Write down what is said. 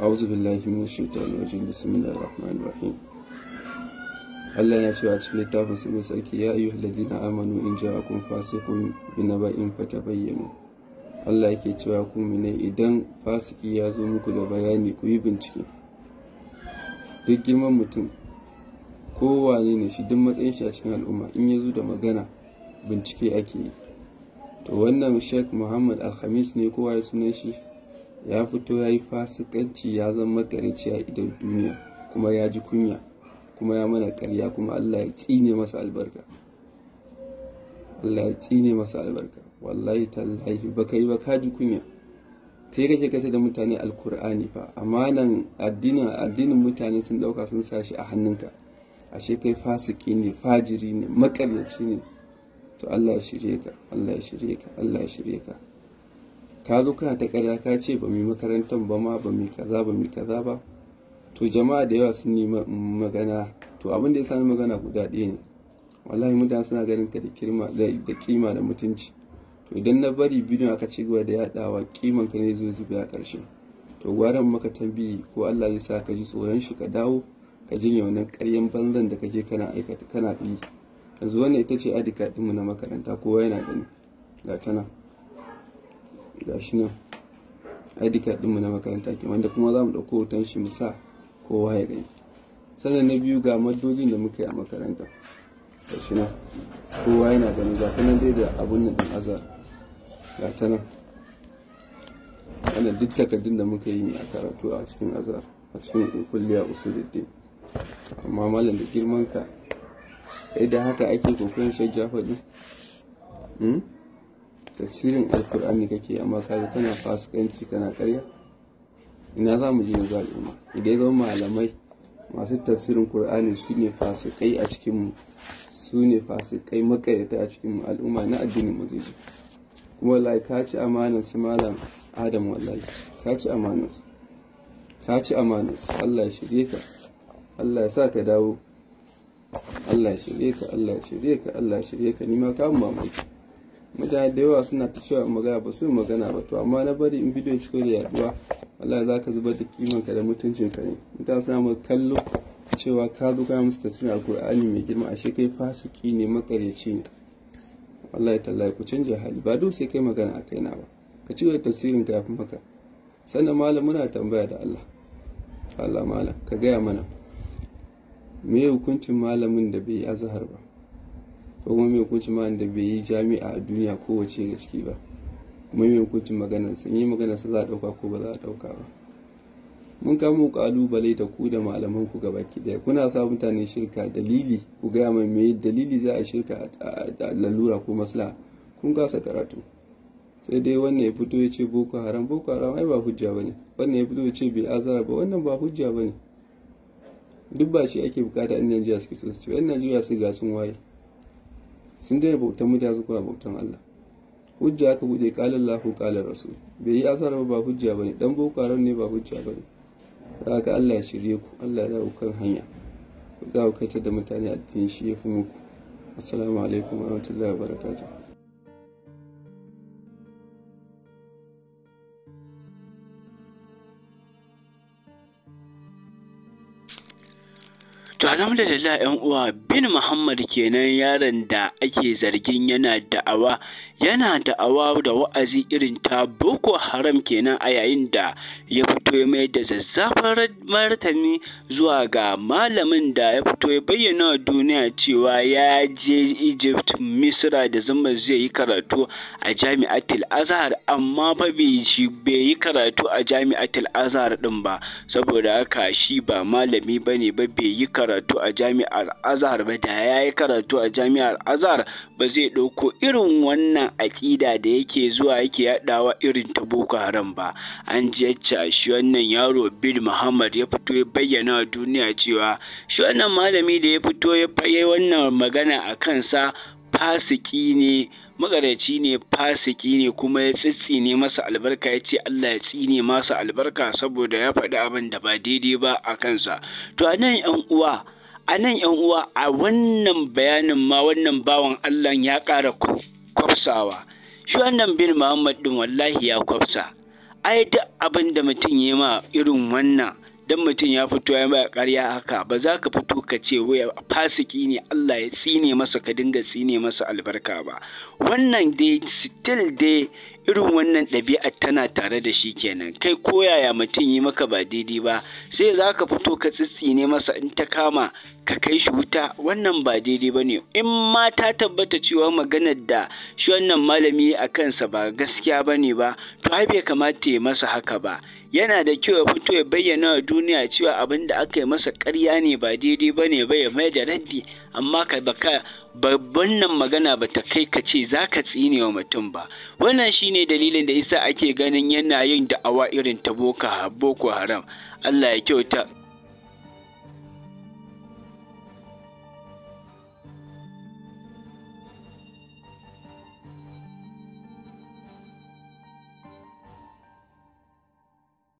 auzu billahi minash shaitani ar-rahman ar rahim Allah ya ce a cikin littafin sa sarki ya ayyuhal na amanu in ja'akum fasiqun fata fatabayyanu Allah yake cewa ku ne idan fasiki ya zo muku da bayani ku yi bincike duk girman mutum kowane ne shi duk matsayin shi a cikin al'umma in ya zo da magana bincike ake yi to wannan sheik muhammad alhamis ne kowa ya sunan shi ya fito ya yi fasikanci ya zama makarici a idan duniya kuma ya ji kunya kuma ya mana karya kuma Allah ya tsine masa albarka Allah ya tsine masa albarka wallahi tallahi ba kai ba ka ji kunya kai kake kata da mutane alkur'ani fa nan, addinin addinin mutane sun dauka sun sa shi a hannunka ashe kai fasiki ne fajiri ne makaryaci ne to Allah ya shirye ka Allah ya shirye ka Allah ya shirye ka ka zo kana ta karya ka ce ba mu yi makarantar ba ma ba mu kaza ba mu kaza ba to jama'a da yawa sun nemi magana to abin da ya sani magana guda ɗaya ne wallahi mutane suna ganin ka da kirma da kima da mutunci to idan na bari bidiyon aka ci gaba da yadawa kiman ka ne zo zube a ƙarshe to gwaran maka tambayi ko Allah zai sa ka ji tsoron shi ka dawo ka jinya wannan ƙaryan banzan da je kana aikata kana yi yanzu wannan ita ce adika ɗinmu na makaranta kowa yana gani ga ta gashi nan dika card mu na makaranta ke wanda kuma za mu ɗauko hoton shi mu sa kowa ya gani sannan na biyu ga madojin da muka yi a makaranta gashi nan kowa yana gani ga ta nan dai da abun nan ɗan azar ga ta nan wannan duk takardun da muka yi a karatu a cikin azar a cikin kulliya usuluddin amma malam da girman ka idan da haka ake kokarin shajjafa din hmm? tafsirin alkur'ani kake amma ka zo kana fasikanci kana karya ina za mu je yanzu al'umma idan zama malamai masu tafsirin kur'ani su ne fasikai a cikinmu su ne fasikai makaryata a cikinmu al'umma na addinin mu zai kuma wallahi ka ci amanar su malam adam wallahi ka ci amanar su ka ci amanar su Allah ya shirye ka Allah ya sa ka dawo Allah ya shirye ka Allah ya shirye ka Allah ya shirye ka nima kamun mamaki mutane da yawa suna ta cewa magana ba su magana ba to amma na bari in bidiyo ci da yaduwa Allah za ka zubar da kiman ka da mutuncinka ne mutane suna mu kallo cewa ka zo kana musu tasirin alkur'ani mai girma ashe kai fasiki ne makareci ne wallahi tallahi ku canja hali ba dole sai kai magana a kaina ba ka ci gaba tafsirin ka yafi maka sannan malam muna tambaya da Allah Allah malam ka gaya mana me hukuncin malamin da bai azhar ba ko kuma mai hukuncin ma da bai yi jami'a a duniya kowace ga ciki ba kuma mai hukuncin maganar sun yi maganar sa za a ɗauka ko ba za a ɗauka ba mun kamo kalubale da ku da malaman ku gaba ki daya kuna sa mutane shirka dalili ku gaya mai me dalili za a shirka a lalura ko maslaha kun kasa karatu sai dai wannan ya fito ya ce boko haram boko haram ai ba hujja bane wannan ya fito ya ce bai azara, ba wannan ba hujja bane duk ba shi ake bukata in Najeriya suke so su ci yan Najeriya su ga sun waye sun daina bautan mu zuwa bautan Allah hujja aka bude kalan lahu kalan rasul bai yi asara ba hujja bane dan bokaron ne ba hujja bane haka Allah ya shirye ku Allah ya dawo kan hanya ku za ku kaitar da mutane addinin shi ya fi muku assalamu alaikum warahmatullahi wabarakatuh To alhamdulillah ‘yan uwa bin Muhammad kenan yaron da ake zargin yana da'awa yana da'awa da wa'azi irin ta Boko Haram kenan a yayin da ya fito ya mai da zazzafar martani zuwa ga malamin da ya fito ya bayyana wa duniya cewa ya je Egypt Misra da zama zai yi karatu a Jami'atul Azhar amma fa bai yi karatu a Jami'atul Azhar din ba saboda haka shi ba malami bane ba bai yi karatu karatu a jami'ar azhar ba da ya yi karatu a jami'ar azhar ba zai ɗauko irin wannan aƙida da yake zuwa yake yaɗawa irin ta boko haram ba an ji yacca shi wannan yaro bil muhammad ya fito ya bayyana wa duniya cewa shi wannan malami da ya fito ya faye wannan magana a kansa fasiki ne magaraci ne fasiki ne kuma ya tsitsine masa albarka ya ce Allah ya tsine masa albarka saboda ya faɗi abin da ba daidai ba a kansa to a nan yan uwa a nan yan uwa a wannan bayanin ma wannan bawan Allah ya ƙara kwafsawa shi wannan bin Muhammad din wallahi ya kwafsa ai duk abin da mutum ya ma irin wannan dan mutum ya fito ya ba karya haka ba za ka fito ka ce wai fasiki ne Allah ya tsine masa ka dinga tsine masa albarka ba wannan dai still dai irin wannan ɗabi'a tana tare da shi kenan kai koyaya mutum yi maka ba daidai ba sai za ka fito ka tsitsine masa in ta kama ka kai shi wuta wannan ba daidai ba ne in ma ta tabbata cewa maganar da shi wannan malami a kansa ba gaskiya ba ne ba to ai bai kamata ya masa haka ba yana da kyau ya fito ya bayyana wa duniya cewa abin da aka yi masa ƙarya ne ba daidai ba ne ba ya mai da raddi amma ka baka babban nan magana ba ta kai ka ce za ka tsine wa mutum ba wannan shine dalilin da isa ake ganin yana yin da'awa irin ta boko haram Allah ya kyauta